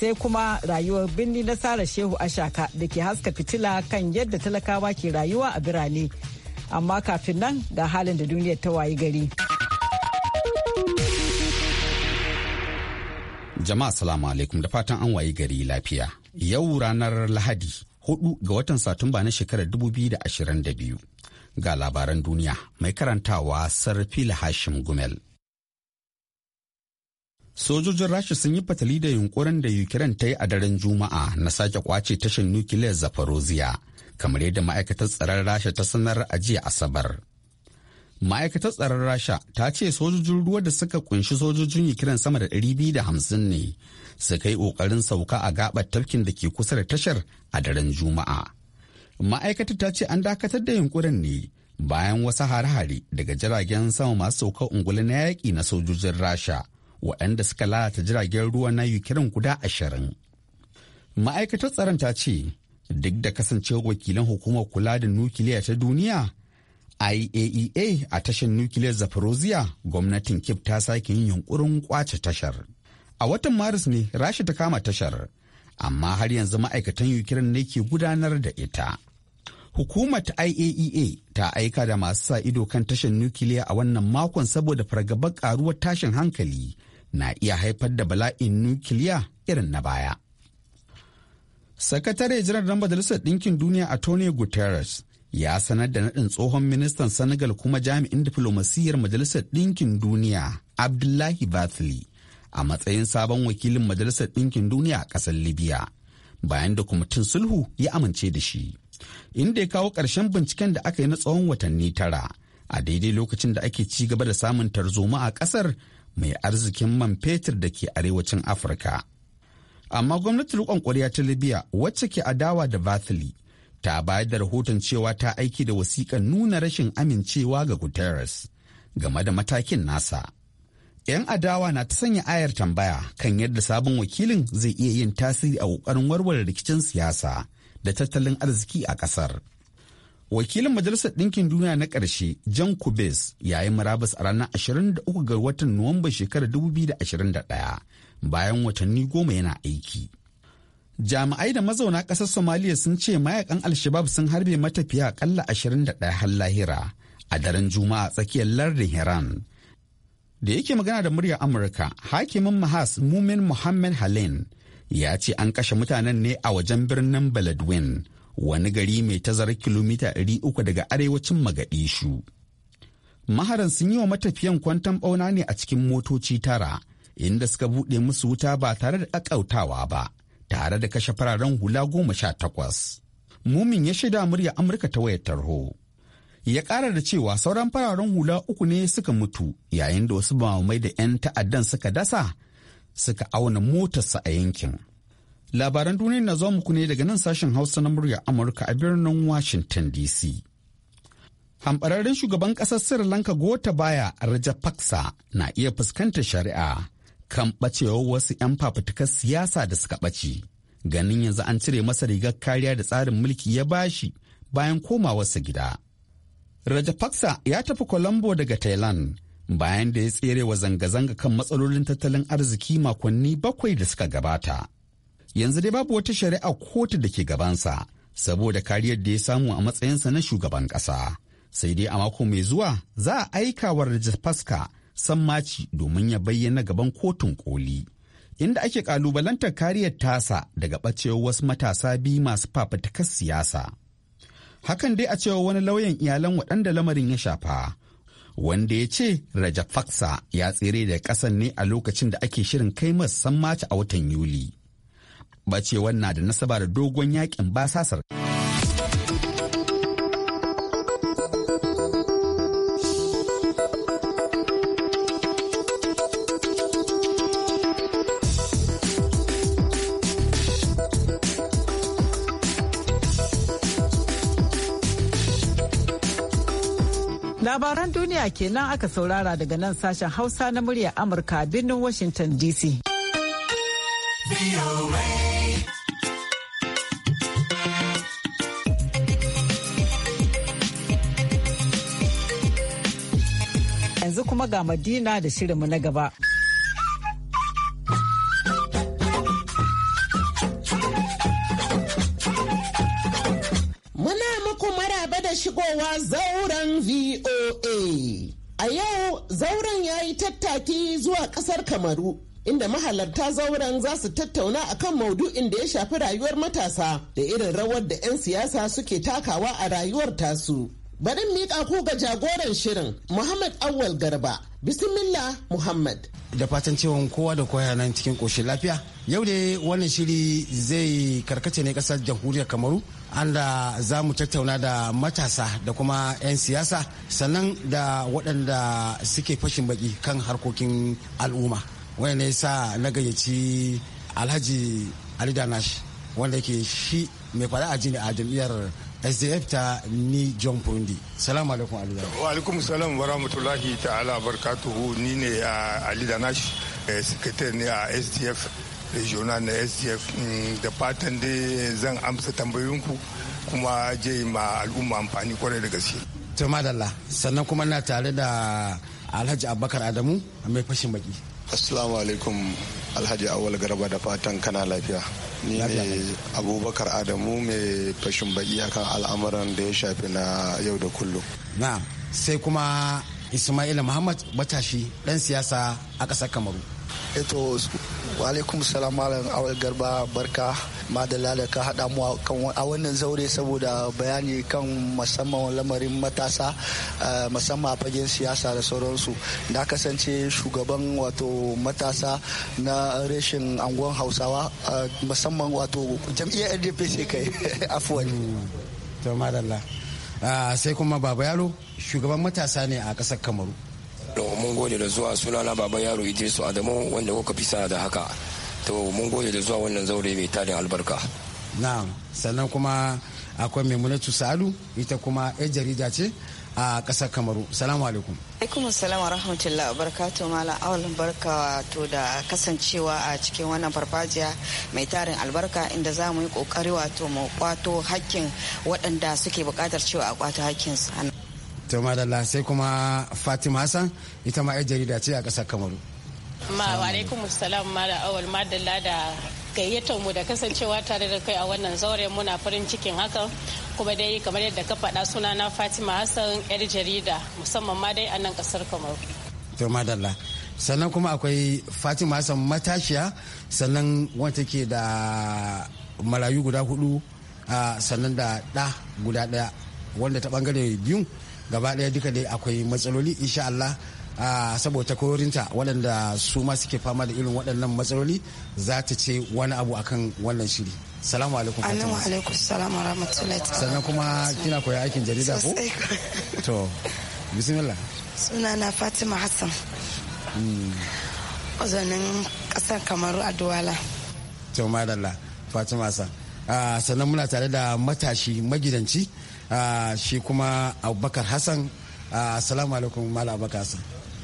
sai kuma rayuwar birni na Sara Shehu Ashaka da ke haska fitila kan yadda talakawa ke rayuwa a birane. Amma kafin nan ga halin da duniyar ta wayi gari. Jama'a salamu alaikum da fatan an wayi gari lafiya. Yau ranar Lahadi, hudu ga watan Satumba na shekarar da ashirin biyu, Ga labaran duniya mai karantawa Sarfi Hashim Gumel. sojojin rasha sun yi fatali da yunkurin da ukraine ta yi a daren juma'a na sake kwace tashin nukiliyar zaporozhia kamar yadda ma'aikatar tsaron rasha ta sanar a jiya asabar ma'aikatar tsaron rasha ta ce sojojin ruwa da suka kunshi sojojin ukraine sama da 250 ne suka yi kokarin sauka a gabar tafkin da ke kusa da tashar a daren juma'a ma'aikatar ta ce an dakatar da yunkurin ne bayan wasu hare-hare daga jiragen sama masu sauka ungulu na yaƙi na sojojin rasha waɗanda suka lalata jiragen ruwa na Ukraine guda ashirin. Ma'aikatar tsaron ta ce, duk da kasancewar wakilan hukumar kula da nukiliya ta duniya, IAEA e a tashar nukiliyar Zaporozhye, gwamnatin Kip ta sake yin yunkurin kwace tashar. A watan Maris ne Rasha ta kama tashar, amma har yanzu ma'aikatan Ukraine ne ke gudanar da ita. Hukumar IAEA e ta aika da masu sa ido kan tashar nukiliya a wannan makon saboda fargabar karuwar tashin hankali na iya haifar da bala'in nukiliya irin na baya. Sakatare jiran na Majalisar Ɗinkin Duniya a Tony Guterres ya sanar da naɗin tsohon ministan Senegal kuma jami'in diflomasiyyar Majalisar Ɗinkin Duniya Abdullahi Bathily a matsayin sabon wakilin Majalisar Ɗinkin Duniya a ƙasar Libya bayan da kwamitin sulhu ya amince da shi. Inda ya kawo ƙarshen binciken da aka yi na tsawon watanni tara a daidai lokacin da ake ci gaba da samun tarzoma a ƙasar mai arzikin man fetur da ke arewacin afirka amma gwamnatin rikon ƙwarya ta libya wacce ke adawa da vathili ta bayar da rahoton cewa ta aiki da wasiƙan nuna rashin amincewa ga guterres game da matakin nasa 'yan adawa na ta sanya ayar tambaya kan yadda sabon wakilin zai iya yin tasiri a ƙoƙarin warware rikicin siyasa da tattalin arziki a ƙasar. Wakilin Majalisar Ɗinkin Duniya na ƙarshe, jan Kubes, ya yi murabus a ranar 23 ga watan Nuwamba shekarar 2021 bayan watanni goma yana aiki. Jami'ai da mazauna ƙasar Somaliya sun ce mayakan Alshabab sun harbe matafiya aƙalla 21 har lahira a daren Juma'a tsakiyar lardin Hiran. Da yake magana da muryar Amurka, hakimin Mahas Mumin Muhammad halin ya ce an kashe mutanen ne a wajen birnin Baladwin. wani gari mai tazarar kilomita uku daga arewacin Magadishu. Maharan sun yi wa matafiyan kwantan ɓauna ne a cikin motoci tara, inda suka buɗe musu wuta ba tare da ƙaƙautawa ba, tare da kashe fararen hula goma sha takwas. Mumin ya shaida murya Amurka ta wayar tarho. Ya ƙara da cewa sauran fararen hula uku ne suka mutu yayin da wasu mai da 'yan ta'addan suka dasa suka auna motarsa a yankin. Labaran duniya na zuwa muku ne daga nan sashen Hausa na murya Amurka a birnin Washington DC. Hambararren shugaban ƙasar Sri Lanka Raja Rajapaksa na iya fuskantar shari'a kan ɓacewar wasu 'yan fafutukar siyasa da suka ɓace. Ganin yanzu an cire masa rigar kariya da tsarin mulki ya bashi bayan koma wasu gida. Raja Rajapaksa ya tafi Colombo daga Thailand bayan da ya tsere wa zanga-zanga kan matsalolin tattalin arziki makonni bakwai da suka gabata. yanzu dai babu wata shari'a kotu da ke gabansa saboda kariyar da ya samu a matsayinsa na shugaban ƙasa sai dai a mako mai zuwa za a aika wa san sammaci domin ya bayyana gaban kotun koli inda ake kalubalantar kariyar tasa daga ɓacewar wasu matasa biyu masu fafutukar siyasa hakan dai a cewa wani lauyan iyalan waɗanda lamarin ya shafa wanda ya ce Rajapaksa ya tsere da ƙasar ne a lokacin da ake shirin kai masu sammaci a watan Yuli. Bacewar na da nasaba da dogon yakin basasar. labaran duniya kenan aka saurara daga nan sashen hausa na murya amurka birnin washington dc. yanzu kuma ga Madina da shirinmu na gaba. Muna muku maraba da shigowa zauren VOA. A yau zauren ya yi tattaki zuwa ƙasar Kamaru inda mahalarta zauren za su tattauna a kan maudu'in da ya shafi rayuwar matasa da irin rawar da 'yan siyasa suke takawa a rayuwar tasu Bari miƙa ku ga jagoran shirin Muhammad Awal Garba. Bismillah Muhammad. Da fatan cewa kowa da kowa nan cikin ƙoshin lafiya. Yau da wannan shiri zai karkace ne ƙasar jamhuriyar Kamaru. da za mu tattauna da matasa da kuma 'yan siyasa sannan da waɗanda suke fashin baki kan harkokin al'umma wanda ya sa na gayyaci alhaji ali danash wanda ke shi mai fara a jini a jam'iyyar sdf ta ni john pundi salamu alaikum alida wa alaikum salam wa rahmatullahi ta'ala barkatuhu ni ne a alida nash eh, ne a sdf regional na sdf mm, da fatan da zan amsa tambayoyinku kuma je ma al'umma amfani kwarai da gaske to madalla sannan kuma na tare da alhaji abubakar adamu mai fashin baki assalamu alaikum alhaji awal garba da fatan kana lafiya ni ne abubakar adamu mai fashin baki akan al'amuran da ya shafi na yau da kullum na sai kuma ismaila muhammad matashi dan siyasa a ƙasar kamaru eh wa alaikum salam malam awal garba barka madalla da ka haɗa mu a wannan zaure saboda bayani kan musamman lamarin matasa eh, musamman a fagen siyasa da sauransu na kasance shugaban wato matasa na reshen angon hausawa eh, musamman wato jam'iyyar rdp sai kai afuwan hmm. to madalla ah, sai kuma baba yalo shugaban matasa ne a ƙasar kamaru mun gode da zuwa sunana baba yaro idrisu adamu wanda kuka fi sana da haka to mun gode da zuwa wannan zaure mai tarin albarka na'am sannan kuma akwai maimunatu salu ita kuma yar jarida ce a kasar kamaru salamu alaikum alaikum assalam wa rahmatullahi wa barakatu mala awalin barka to da kasancewa a cikin wannan farfajiya mai tarin albarka inda za mu yi kokari wato mu kwato hakkin waɗanda suke buƙatar cewa a kwato hakkin su to madalla sai kuma fatima hassan ita ma 'yar jarida ce a kasar kamaru ma alaikum salam mala awal madalla da gayyatar mu da kasancewa tare da kai a wannan zauren muna farin cikin hakan kuma dai kamar yadda ka faɗa suna na fatima hassan yar jarida musamman ma dai a nan ƙasar kamaru to madalla sannan kuma akwai fatima hassan matashiya sannan wata ke da marayu guda hudu sannan da ɗa guda ɗaya wanda ta bangare biyu gaba ɗaya duka dai akwai matsaloli insha Allah saboda korinta waɗanda su ma suke fama da irin waɗannan matsaloli za ta ce wani abu akan wannan shiri salamu alaikum alaikum alaikum salamu rahmatullahi sannan kuma kina koya aikin jarida ko to bismillah suna na fatima hassan ozonin hmm. kasar kamaru a duwala to madalla fatima hassan sannan muna tare da matashi magidanci Ah, shi kuma abubakar hassan ah, assalamu alaikum mala abubakar hassan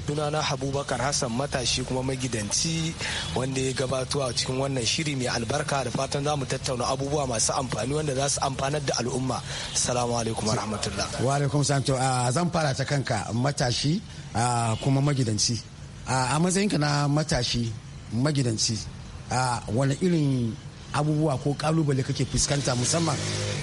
sunana habubakar hassan matashi kuma magidanci wanda ya gabato a cikin wannan shiri mai albarka da fatan za mu tattauna abubuwa masu amfani wanda za su amfanar da al'umma salamu alaikum rahmatullah wa alaikum salam ah, zan fara ta kanka matashi kuma magidanci a matsayinka na matashi magidanci wani irin abubuwa ko kalubale kake fuskanta musamman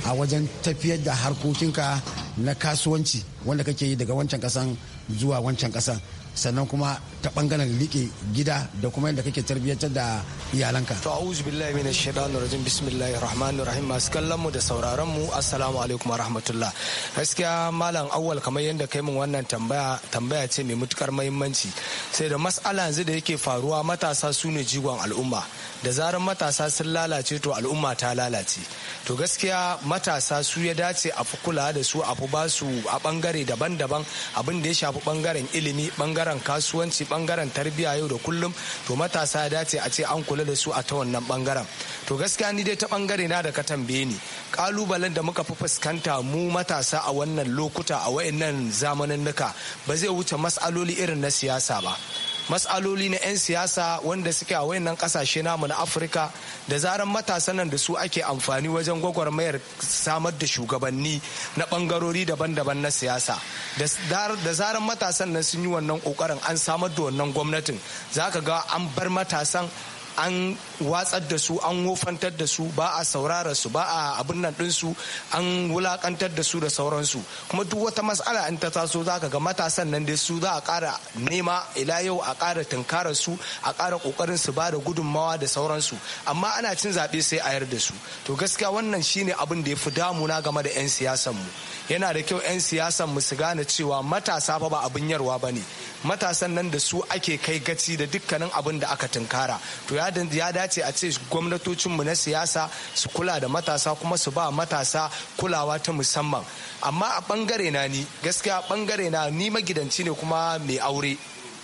a wajen tafiyar da harkokinka na kasuwanci wanda kake yi daga wancan kasan zuwa wancan kasan sannan kuma ta bangaren liƙe gida da kuma yadda kake tarbiyyantar da iyalanka. To a'udhu billahi minash shaitanir rajim bismillahir rahmanir rahim masu kallon mu da sauraron mu assalamu alaikum warahmatullah. Gaskiya malam awwal kamar yadda kai min wannan tambaya tambaya ce mai mutukar muhimmanci sai da mas'ala yanzu da yake faruwa matasa su ne jigon al'umma da zarar matasa sun lalace to al'umma ta lalace. To gaskiya matasa su ya dace a fi kula da su a fi basu a bangare daban-daban abin da ya shafi bangaren ilimi bangaren bangaren kasuwanci bangaren tarbiyya yau da kullum to matasa ya dace a ce an kula da su a ta wannan bangaren to gaskiya ni dai ta bangare na da ka tambaye ni kalubalen da muka fi fuskanta mu matasa a wannan lokuta a wayannan zamanin ba zai wuce mas'aloli irin na siyasa ba matsaloli na 'yan siyasa wanda suke a wayannan kasashe namu na afirka da zaran matasan nan da su ake amfani wajen gwagwarmayar samar da shugabanni na bangarori daban-daban na siyasa da zaran matasan nan sun yi wannan kokarin an samar da wannan gwamnatin za ka ga an bar matasan an watsar da su an wofantar da su ba a saurara su ba a abin nan ɗinsu an wulakantar da su da sauransu kuma duk wata matsala in ta taso za ka ga matasan nan dai su za a ƙara nema ila yau a ƙara tunkarar su a ƙara ƙoƙarin su ba da gudunmawa da sauransu amma ana cin zaɓe sai a yar da su to gaskiya wannan shine abin da ya fi na game da 'yan siyasan mu yana da kyau 'yan siyasan mu su gane cewa matasa ba abin yarwa ba ne matasan nan da su ake kai gaci da dukkanin abin da aka tunkara to ya dace a ce gwamnatocinmu na siyasa su kula da matasa kuma su ba matasa kulawa ta musamman amma a bangare na ni gaskiya bangare na ni magidanci ne kuma mai aure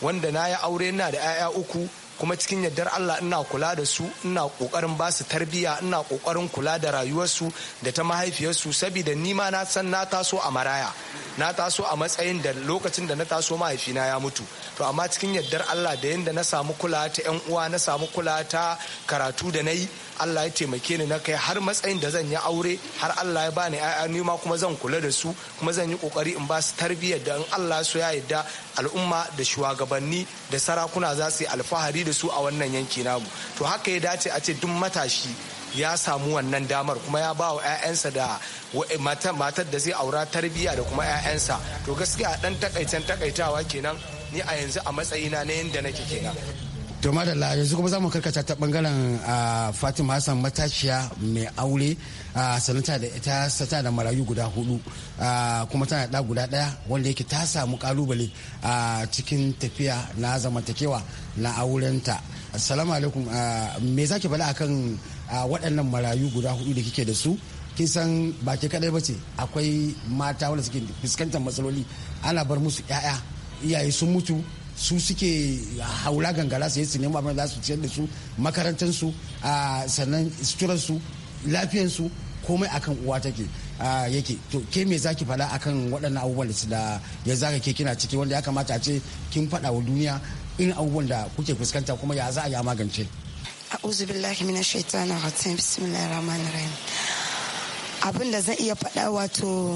wanda na yi aure na da 'ya'ya uku kuma cikin yardar Allah ina kula da su ina kokarin ba su tarbiyya ina kokarin kula da rayuwarsu da ta mahaifiyarsu saboda ni ma na san na taso a maraya na taso a matsayin da lokacin da na taso mahaifina ya mutu to amma cikin yaddar Allah da yadda na samu kula ta yan uwa na samu kula ta karatu da na yi Allah ya taimake ni na kai har matsayin da zan yi aure har Allah ya bani ƴaƴa ni ma kuma zan kula da su kuma zan yi kokari in ba su tarbiyyar da in Allah so ya yarda al'umma da shugabanni da sarakuna za su yi alfahari da su a wannan yanki namu to haka ya dace a ce duk matashi ya samu wannan damar kuma ya ba wa 'ya'yansa da eh, matar da zai aura tarbiyya da kuma 'ya'yansa to gaskiya dan takaitan takaitawa kenan ni a yanzu a matsayina na yadda nake kenan to madalla yanzu kuma za mu karkata ta bangaren fatima hassan matashiya mai aure a sanata da ita sata da marayu guda hudu kuma tana da guda daya wanda yake ta samu kalubale a cikin tafiya na zamantakewa na aurenta assalamu alaikum me zaki bala akan a waɗannan marayu guda hudu da kike da su kin san ba ke kaɗai ba ce akwai mata wanda suke fuskantar matsaloli ana bar musu 'ya'ya iyaye sun mutu su suke haula gangara sai su nema abin da su ciyar da su makarantarsu su sannan suturarsu lafiyarsu komai akan uwa take yake to ke me zaki faɗa akan waɗannan abubuwan da su da ya zaka ke kina ciki wanda ya kamata a ce kin faɗa wa duniya irin abubuwan da kuke fuskanta kuma ya za a ya magance a'udhu billahi minash shaitanir rajim bismillahir rahmanir rahim abin da zan iya faɗa wato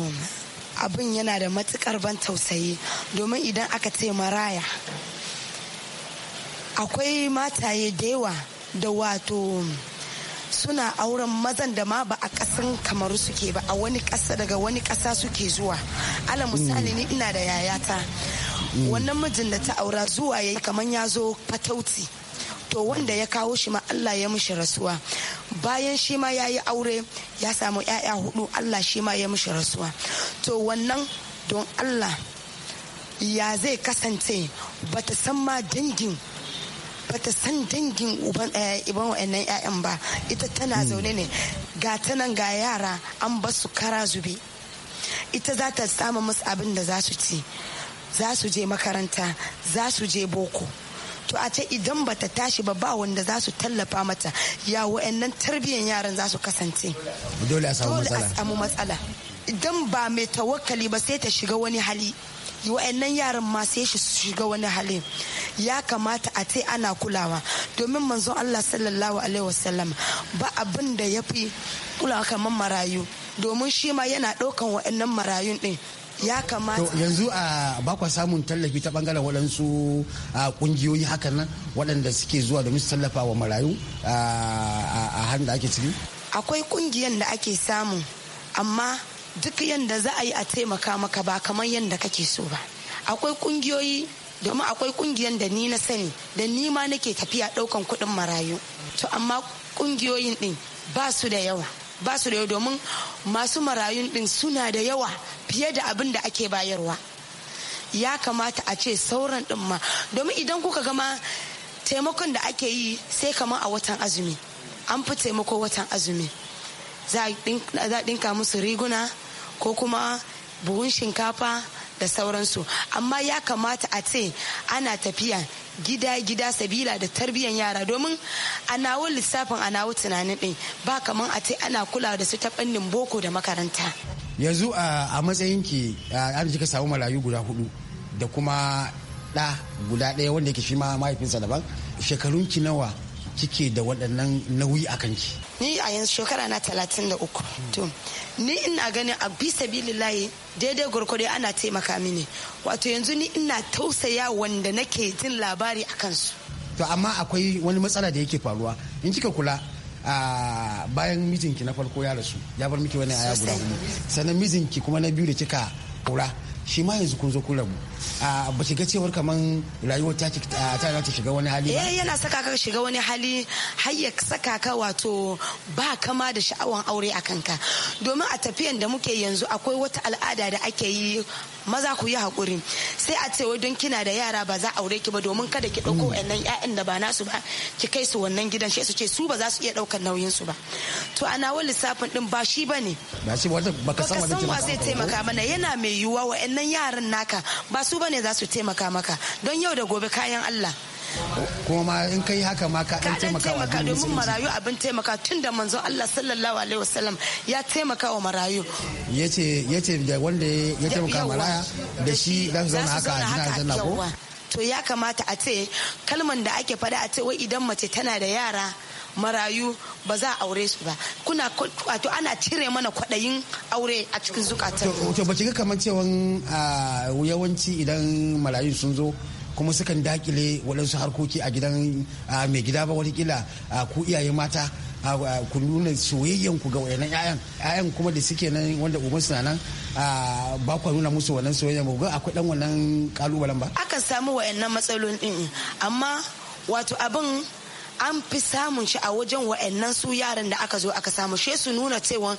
abin yana da matukar ban tausayi domin idan aka ce maraya akwai mataye da yawa da wato suna auren mazan da ma ba a kasan kamaru suke ba a wani ƙasa daga wani ƙasa suke zuwa ala mm. misali ni ina da yayata mm. wannan mijin da ta aura zuwa yayi kamar ya zo fatauci to wanda ya kawo shi ma Allah ya mishi rasuwa bayan shi ma ya yi aure ya samu 'ya'ya hudu Allah shi ma ya mishi rasuwa to wannan don Allah ya zai kasance bata san ma dangin bata san dangin uban eh, iban wa'annan 'ya'yan ba ita tana hmm. zaune ne ga ta ga yara an basu kara zube ita za ta samu musu abin da za su ci za su je makaranta za su je boko to a ce idan bata tashi ba ba wanda za su tallafa mata ya wa'annan tarbiyyar yaran za su kasance dole a samu matsala idan ba mai tawakali ba sai ta shiga wani hali wa'annan yaran ma sai shi shiga wani hali ya kamata a ce ana kulawa domin manzon Allah sallallahu alaihi wasallam ba abin da ya fi kulawa kamar marayu domin shi ma yana ɗaukan wa'annan marayun ɗin ya kamata yanzu a bakwa samun tallafi ta bangaren waɗansu kungiyoyi hakan nan waɗanda suke zuwa domin su tallafa wa marayu a hannun da ake ciki akwai kungiyan da ake samu amma duk yadda za a yi a taimaka maka ba kamar yadda kake so ba akwai kungiyoyi domin akwai kungiyan da ni na sani da ni ma nake tafiya daukan kudin marayu to amma kungiyoyin din ba su da yawa ba su da yau domin masu marayun din suna da yawa fiye da abin da ake bayarwa ya kamata a ce sauran din ma domin idan kuka gama taimakon da ake yi sai kamar a watan azumi an fi taimako watan azumi za a dinka musu riguna ko kuma buhun shinkafa da sauransu amma ya kamata a ce ana tafiya gida-gida sabila da tarbiyyar yara domin a lissafin a tunanin din ba kamar a ce ana kula da su ta fannin boko da makaranta yanzu a matsayinki an kika samu marayu guda hudu da kuma da guda daya wanda yake shi ma mahaifinsa daban shekarunki nawa kike da waɗannan nauyi a kanki? Ni a yanzu shekara na talatin da uku. To, ni ina ganin a bisa bilillahi daidai gwargwado ana taimaka mini. Wato yanzu ni ina tausaya wanda nake jin labari a kansu. To amma akwai wani matsala da yake faruwa. In kika kula a bayan mijinki na farko ya rasu ya bar miki wani aya guda Sannan mijinki kuma na biyu da kika kura shi ma yanzu kun zo kun rabu. ba shiga cewar kaman rayuwar ta ta ta shiga wani hali ba eh, yana saka ka shiga wani hali har ya saka ka wato ba kama da sha'awan aure a kanka domin a tafiyan da muke yanzu akwai wata al'ada da ake yi maza ku yi hakuri sai a ce don kina da yara ba za a aure ki ba domin kada ki ɗauko mm. wannan ƴaƴan da ba nasu ba ki kai su wannan gidan shi su ce su ba za su iya ɗaukar nauyin su ba to a nawa lissafin din ba shi bane ba shi ba ka san wa zai taimaka mana yana mai yiwuwa wa'annan yaran naka ba su su bane za su taimaka maka don yau da gobe kayan Allah kuma in kai haka ma ka dan taimaka wa domin marayu abin taimaka tun da manzo Allah sallallahu alaihi wasallam ya taimaka wa marayu yace yace da wanda ya taimaka maraya da shi dan zauna haka a jina ko to ya kamata a ce kalman da ake faɗa a ce wai idan mace tana da yara marayu ba za a aure su ba kuna wato ana cire mana kwaɗayin aure a cikin zukatan to ba ga kamar cewa yawanci idan marayu sun zo kuma sukan dakile waɗansu harkoki a gidan mai gida ba kila ku iyaye mata ku nuna soyayyen ku ga wayannan ƴaƴan ƴaƴan kuma da suke nan wanda uban suna nan ba ku nuna musu wannan soyayyen ba akwai dan wannan kalubalen ba akan samu wayannan matsalolin din amma wato abin an fi samun shi a wajen wayannan su yaran da aka zo aka samu she su nuna cewa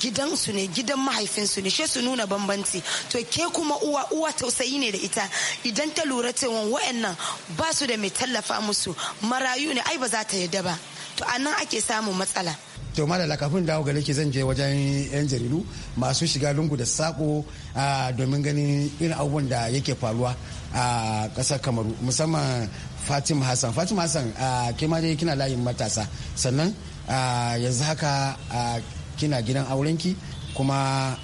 gidansu ne gidan mahaifinsu ne she su nuna bambanci to ke kuma uwa uwa tausayi ne da ita idan ta lura cewa wayannan ba su da mai tallafa musu marayu ne ai ba za ta yadda ba to a nan ake samun matsala to malala kafin dawo ga ki zan je wajen yan jaridu masu shiga lungu da sako domin ganin irin abubuwan da yake faruwa a kasar kamaru musamman fatima hassan fatima hassan ke ma dai kina layin matasa sannan yanzu haka kina gidan aurenki kuma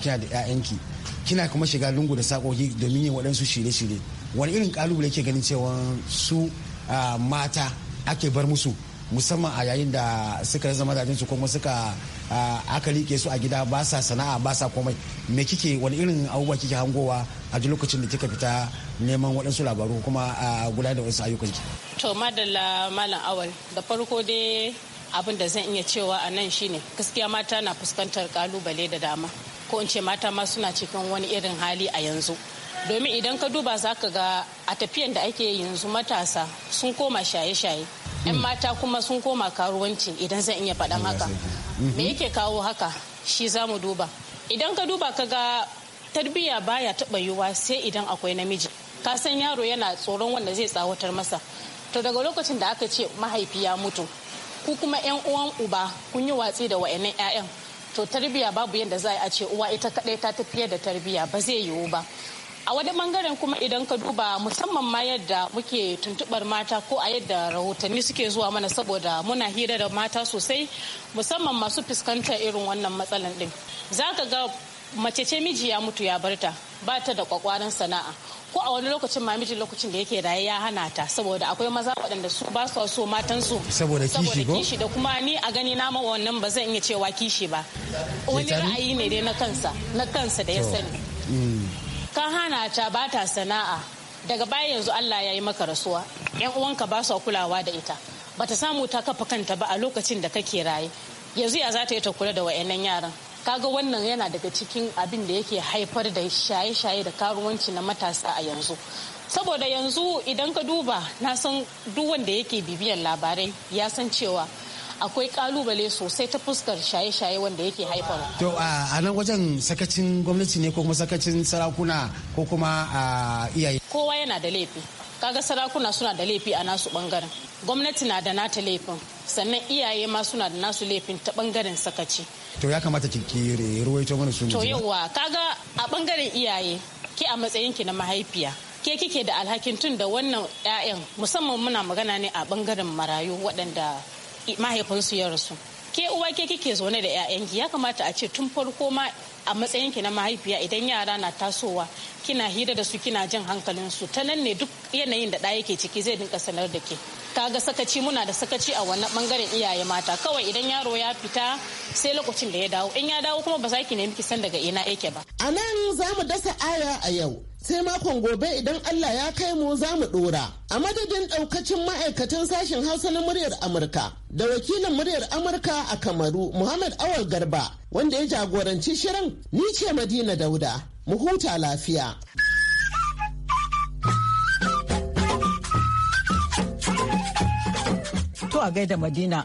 kina da 'ya'yanki kina kuma shiga lungu da sakoki domin yin waɗansu shirye-shirye wani irin kalubale ke ganin cewa su mata ake bar musu musamman a yayin da suka zama da su kuma suka aka rike su a gida ba sa sana'a ba sa komai me kike wani irin abubuwa kike hangowa a duk lokacin da kika fita neman waɗansu labaru kuma a gudanar da wasu ayyukan ki to madalla malam awal da farko dai abin da zan iya cewa a nan shine gaskiya mata na fuskantar kalubale da dama ko in ce mata ma suna cikin wani irin hali a yanzu domin idan ka duba za ka ga a tafiyan da ake yanzu matasa sun koma shaye-shaye 'yan mata kuma sun koma karuwanci idan zan iya faɗan haka me mhm. yake kawo haka shi za mu duba idan ka duba ka ga tarbiyya baya taɓa yiwuwa sai idan akwai namiji ka san yaro yana tsoron wanda zai tsawatar masa to daga lokacin da aka ce mahaifi ya mutu ku kuma 'yan uwan uba kun yi watsi da wa'annan 'ya'yan to tarbiya babu yadda za a ce uwa ita kadai ta tafiyar da tarbiya ba zai yiwu ba a wani bangaren kuma idan ka duba musamman ma yadda muke tuntubar mata ko a yadda rahotanni suke zuwa mana saboda muna hira da mata sosai musamman masu fuskantar irin wannan matsalan din za ka ga mace ce miji ya mutu ya barta ba ta da kwakwaran sana'a ko a wani lokacin ma miji lokacin da yake raye ya hana ta saboda akwai maza waɗanda su ba su so matan su saboda kishi ko da kuma ni a gani na ma wannan ba zan iya cewa kishi ba wani ra'ayi ne dai na kansa na kansa da ya sani mm. ka hana ta ba ta sana'a daga baya yanzu Allah ya yi maka rasuwa yan uwanka ba su kulawa da ita ba ta samu ta kafa kanta ba a lokacin da kake raye yanzu ya za ta yi ta kula da wayannan yaran kaga wannan yana daga cikin abin da yake haifar da shaye-shaye da karuwanci na matasa a yanzu saboda yanzu idan ka duba na san duk wanda yake bibiyan labarai ya san cewa akwai kalubale sosai ta fuskar shaye-shaye wanda yake haifar. To a nan wajen sakacin gwamnati ne ko kuma sakacin sarakuna ko kuma iyaye. Kowa yana da laifi. Kaga sarakuna suna da laifi a nasu bangaren. Gwamnati na da nata laifin. Sannan iyaye ma suna da nasu laifin ta bangaren sakaci. To ya kamata ki ruwaito mana su. To yawa kaga a bangaren iyaye ke a matsayinki na mahaifiya. ke kike da alhakin tun da wannan 'ya'yan musamman muna magana ne a bangaren marayu waɗanda mahaifinsu ya rasu ke uwa ke kike zaune da 'ya'yanki ya kamata a ce tun farko ma a matsayinki na mahaifiya idan yara na tasowa kina hira da su kina jin hankalin su ta nan ne duk yanayin da ɗaya ke ciki zai dinka sanar da ke kaga sakaci muna da sakaci a wannan bangaren iyaye mata kawai idan yaro ya fita sai lokacin da ya dawo in ya dawo kuma ba za ki nemi ki san daga ina yake ba a nan za mu dasa aya a yau sai makon gobe idan Allah ya kai mu za mu dora. A madadin daukacin ma'aikatan sashen Hausa na muryar Amurka da wakilin muryar Amurka a Kamaru Muhammad Awal Garba wanda ya jagoranci shirin ni ce Madina Dauda. Mu huta lafiya. To a gaida Madina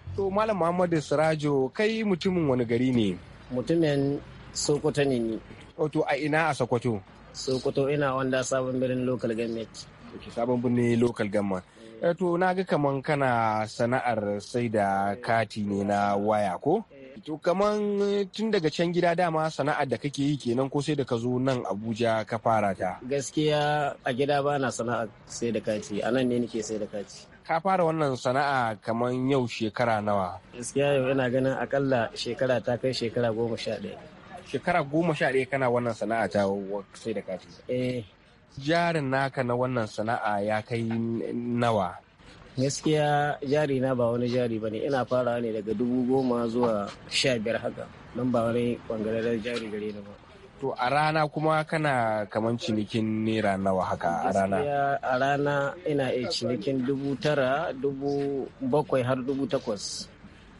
To Malam Muhammadu Sirajo kai mutumin wani gari ne? Mutumin Sokoto ne ni. Wato oh, a ina a Sokoto? Sokoto ina wanda sabon birnin local government. Ok sabon birnin local government. Eh. Eh, to na ga kaman kana sana'ar sai da kati ne na waya ko? Eh. To kaman tun daga can gida dama sana'ar da kake yi kenan ko sai da ka zo nan Abuja ka fara ta? Gaskiya a gida ba na sana'ar sai da kati, a nan ne nake sai da kati. ka fara wannan sana'a kamar yau shekara nawa gaskiya yau ina ganin akalla shekara ta kai shekara goma sha ɗaya shekara goma sha ɗaya kana wannan sana'a ta sai da kati eh jarin naka na wannan sana'a ya kai nawa gaskiya jari na ba wani jari ba ne ina farawa ne daga dubu goma zuwa sha biyar haka nan ba wani kwangararren jari gare ni ba To a rana kuma kana kamar cinikin naira nawa haka a rana? A rana ina iya cinikin dubu tara, dubu bakwai har dubu takwas.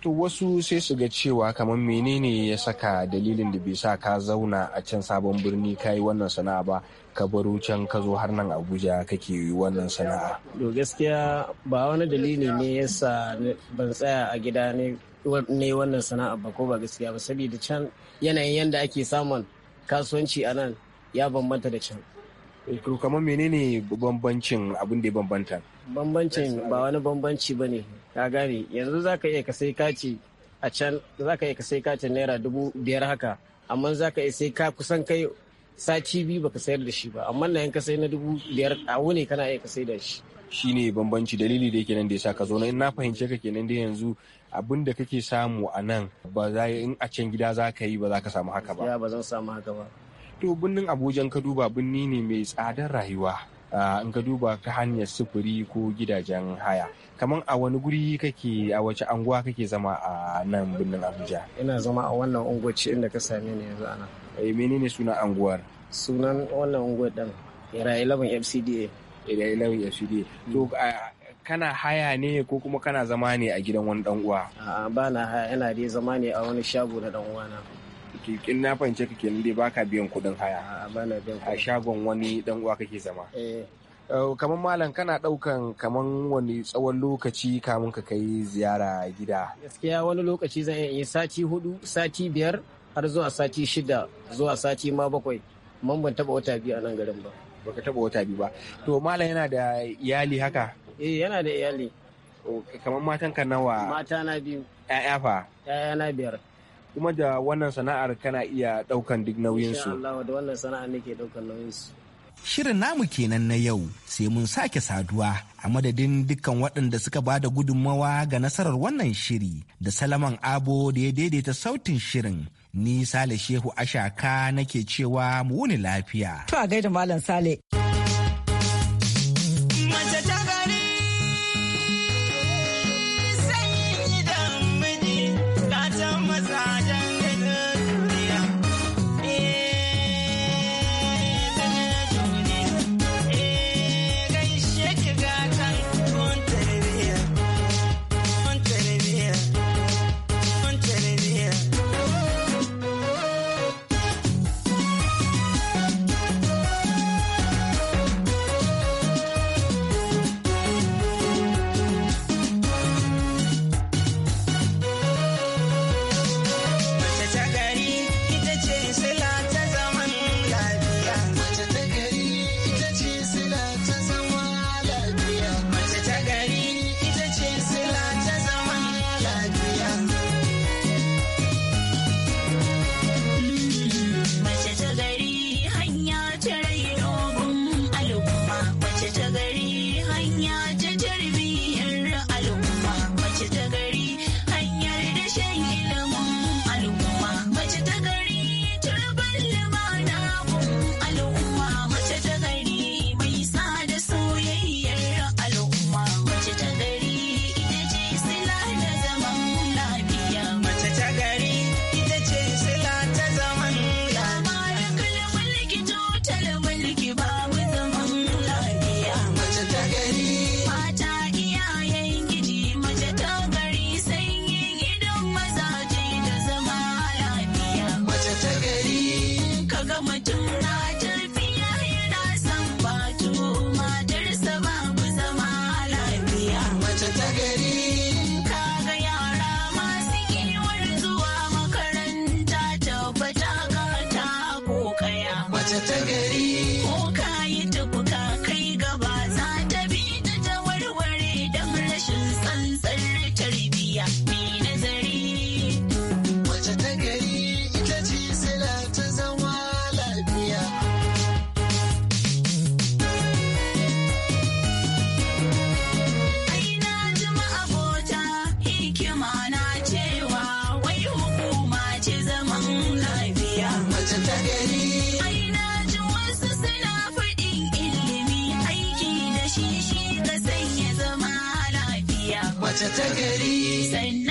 To wasu sai su ga cewa kamar menene ya saka dalilin da bai sa ka zauna a can sabon birni ka yi wannan sana'a ba ka baro can ka zo har nan Abuja kake yi wannan sana'a. To gaskiya ba wani dalili ne ya sa ban tsaya a gida ne wannan sana'a ba ko ba gaskiya ba saboda can yanayin yadda ake samun kasuwanci a nan ya bambanta da can to kamar menene bambancin abin da ya bambanta bambancin ba wani bambanci ba ne ka gane yanzu za ka iya ka sai kaci a can za ka iya ka sai kacin naira dubu biyar haka amma za ka iya sai ka kusan kai sati biyu baka sayar da shi ba amma na yanka sai na dubu biyar a wuni kana iya ka sai da shi shine bambanci dalili da yake nan da ya sa ka zo na fahimce ka kenan da yanzu abin da kake samu a nan ba za in a can gida za ka yi ba za ka samu haka ba. ba zan samu haka ba. To birnin Abuja ka duba birni ne mai tsadar rayuwa. In ka duba ta hanyar sufuri ko gidajen haya. Kamar a wani guri kake a wace anguwa kake zama a nan birnin Abuja? Ina zama a wannan unguwaci inda ka same ni yanzu ana. Eh menene sunan anguwar? Sunan wannan unguwar din Ira 11 FCDA. Ira 11 FCDA. To kana haya ne ko kuma kana zama ne a gidan wani dan uwa a'a ba na haya ina dai zama ne a wani shago na dan uwana kin na fahimce ka kenan dai baka biyan kuɗin haya a'a ba na biyan a shagon wani dan uwa kake zama eh, eh kamar malam kana daukan kamar wani tsawon lokaci kamun ka kai ziyara gida gaskiya wani lokaci zan iya sati hudu sati biyar har zuwa sati shida zuwa sati ma bakwai Mun ban taba wata biyu a nan garin ba baka taba wata biyu ba to malam yana da iyali haka Eh yana da iyali. Kamar matan ka nawa? Mata na biyu. ‘Ya'ya fa? ‘Ya'ya na biyar. Kuma da wannan sana'ar kana iya ɗaukan duk nauyinsu. Insha Allah da wannan sana'ar nake ɗaukan nauyinsu. Shirin namu kenan na yau sai mun sake saduwa a madadin dukkan waɗanda suka ba da gudunmawa ga nasarar wannan shiri da Salaman Abo da ya daidaita sautin shirin. Ni Sale Shehu Ashaka nake cewa mu wuni lafiya. To a gaida Malam Sale. mace ta gari.